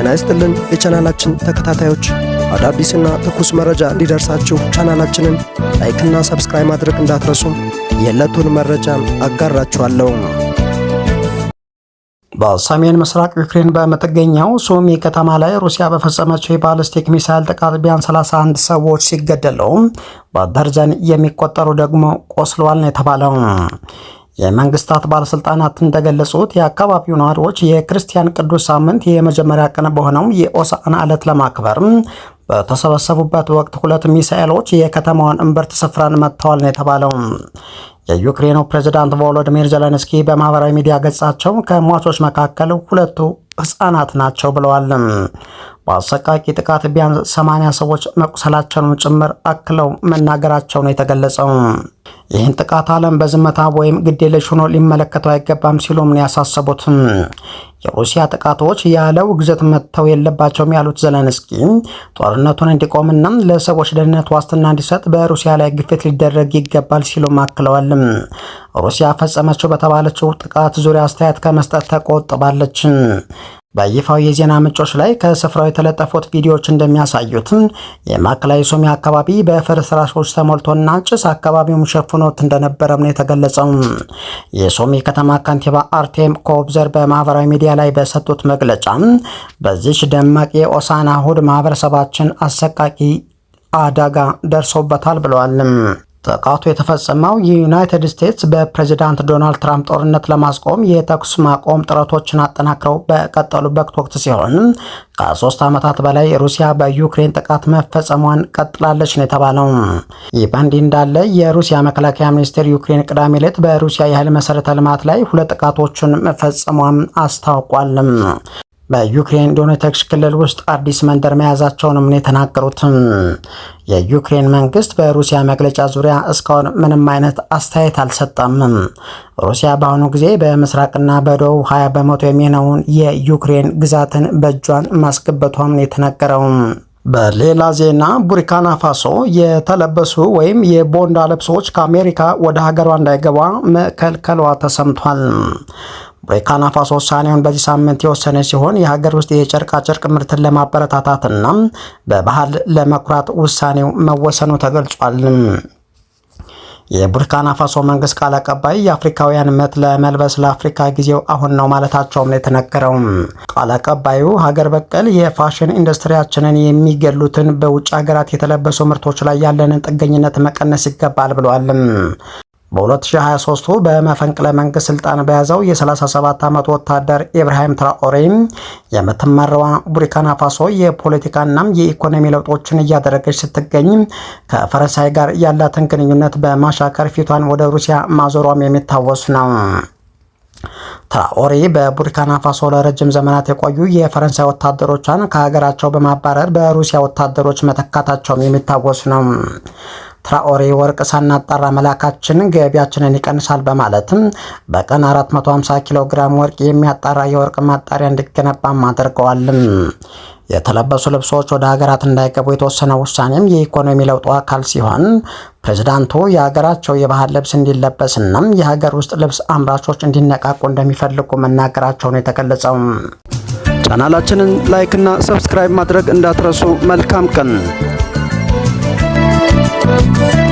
ጤና ይስጥልን የቻናላችን ተከታታዮች አዳዲስና ትኩስ መረጃ እንዲደርሳችሁ ቻናላችንን ላይክና ሰብስክራይብ ማድረግ እንዳትረሱ። የዕለቱን መረጃም አጋራችኋለሁ። በሰሜን ምስራቅ ዩክሬን በምትገኘው ሱሚ ከተማ ላይ ሩሲያ በፈጸመችው የባለስቲክ ሚሳይል ጥቃት ቢያንስ 31 ሰዎች ሲገደሉ በደርዘን የሚቆጠሩ ደግሞ ቆስለዋል ነው የተባለው። የመንግስታት ባለስልጣናት እንደገለጹት የአካባቢው ነዋሪዎች የክርስቲያን ቅዱስ ሳምንት የመጀመሪያ ቀን በሆነው የኦሳዕና ዕለት ለማክበር በተሰበሰቡበት ወቅት ሁለት ሚሳኤሎች የከተማዋን እምብርት ስፍራን መጥተዋል ነው የተባለው። የዩክሬኑ ፕሬዝዳንት ቮሎዲሚር ዘለንስኪ በማህበራዊ ሚዲያ ገጻቸው ከሟቾች መካከል ሁለቱ ህጻናት ናቸው ብለዋል። በአሰቃቂ ጥቃት ቢያንስ 80 ሰዎች መቁሰላቸውን ጭምር አክለው መናገራቸው ነው የተገለጸው። ይህን ጥቃት ዓለም በዝምታ ወይም ግዴለሽ ሆኖ ሊመለከተው አይገባም ሲሉም ነው ያሳሰቡትም። የሩሲያ ጥቃቶች ያለ ውግዘት መጥተው የለባቸውም ያሉት ዘለንስኪ ጦርነቱን እንዲቆምና ለሰዎች ደህንነት ዋስትና እንዲሰጥ በሩሲያ ላይ ግፊት ሊደረግ ይገባል ሲሉም አክለዋል። ሩሲያ ፈጸመችው በተባለችው ጥቃት ዙሪያ አስተያየት ከመስጠት ተቆጥባለች። በይፋው የዜና ምንጮች ላይ ከስፍራው የተለጠፉት ቪዲዮዎች እንደሚያሳዩትም የማዕከላዊ ሶሚ አካባቢ በፍርስራሾች ተሞልቶና ጭስ አካባቢውን ሸፍኖት እንደነበረም ነው የተገለጸው። የሶሚ ከተማ ከንቲባ አርቴም ኮብዘር በማህበራዊ ሚዲያ ላይ በሰጡት መግለጫ በዚች ደማቅ የኦሳና እሁድ ማህበረሰባችን አሰቃቂ አደጋ ደርሶበታል ብለዋልም። ጥቃቱ የተፈጸመው የዩናይትድ ስቴትስ በፕሬዚዳንት ዶናልድ ትራምፕ ጦርነት ለማስቆም የተኩስ ማቆም ጥረቶችን አጠናክረው በቀጠሉበት ወቅት ሲሆን ከሶስት ዓመታት በላይ ሩሲያ በዩክሬን ጥቃት መፈጸሟን ቀጥላለች ነው የተባለው። ይህ በእንዲህ እንዳለ የሩሲያ መከላከያ ሚኒስቴር ዩክሬን ቅዳሜ ዕለት በሩሲያ የኃይል መሰረተ ልማት ላይ ሁለት ጥቃቶችን መፈጸሟን አስታውቋል። በዩክሬን ዶኔትስክ ክልል ውስጥ አዲስ መንደር መያዛቸውንም ነው የተናገሩትም። የዩክሬን መንግስት በሩሲያ መግለጫ ዙሪያ እስካሁን ምንም አይነት አስተያየት አልሰጠም። ሩሲያ በአሁኑ ጊዜ በምስራቅና በደቡብ 20 በመቶ የሚሆነውን የዩክሬን ግዛትን በእጇን ማስገበቷም ነው የተነገረው። በሌላ ዜና ቡርኪና ፋሶ የተለበሱ ወይም የቦንዳ ልብሶች ከአሜሪካ ወደ ሀገሯ እንዳይገባ መከልከሏ ተሰምቷል። ቡርኪና ፋሶ ውሳኔውን በዚህ ሳምንት የወሰነ ሲሆን የሀገር ውስጥ የጨርቃ ጨርቅ ምርትን ለማበረታታትና በባህል ለመኩራት ውሳኔው መወሰኑ ተገልጿል። የቡርኪና ፋሶ መንግስት ቃል አቀባይ የአፍሪካውያን እምነት ለመልበስ ለአፍሪካ ጊዜው አሁን ነው ማለታቸውም ነው የተነገረው። ቃል አቀባዩ ሀገር በቀል የፋሽን ኢንዱስትሪያችንን የሚገሉትን በውጭ ሀገራት የተለበሱ ምርቶች ላይ ያለንን ጥገኝነት መቀነስ ይገባል ብለዋል። በ2023 በመፈንቅለ መንግስት ስልጣን በያዘው የ37 ዓመት ወታደር ኢብራሂም ትራኦሬም የምትመራዋ ቡርኪና ፋሶ የፖለቲካና የኢኮኖሚ ለውጦችን እያደረገች ስትገኝ ከፈረንሳይ ጋር ያላትን ግንኙነት በማሻከር ፊቷን ወደ ሩሲያ ማዞሯም የሚታወስ ነው። ትራኦሬ በቡርኪና ፋሶ ለረጅም ዘመናት የቆዩ የፈረንሳይ ወታደሮቿን ከሀገራቸው በማባረር በሩሲያ ወታደሮች መተካታቸውም የሚታወስ ነው። ትራኦሬ ወርቅ ሳናጣራ መላካችን ገቢያችንን ይቀንሳል በማለትም በቀን 450 ኪሎ ግራም ወርቅ የሚያጣራ የወርቅ ማጣሪያ እንዲገነባም አድርገዋልም። የተለበሱ ልብሶች ወደ ሀገራት እንዳይገቡ የተወሰነ ውሳኔም የኢኮኖሚ ለውጡ አካል ሲሆን ፕሬዝዳንቱ የሀገራቸው የባህል ልብስ እንዲለበስና የሀገር ውስጥ ልብስ አምራቾች እንዲነቃቁ እንደሚፈልጉ መናገራቸውን የተገለጸው። ቻናላችንን ላይክና ሰብስክራይብ ማድረግ እንዳትረሱ። መልካም ቀን Thank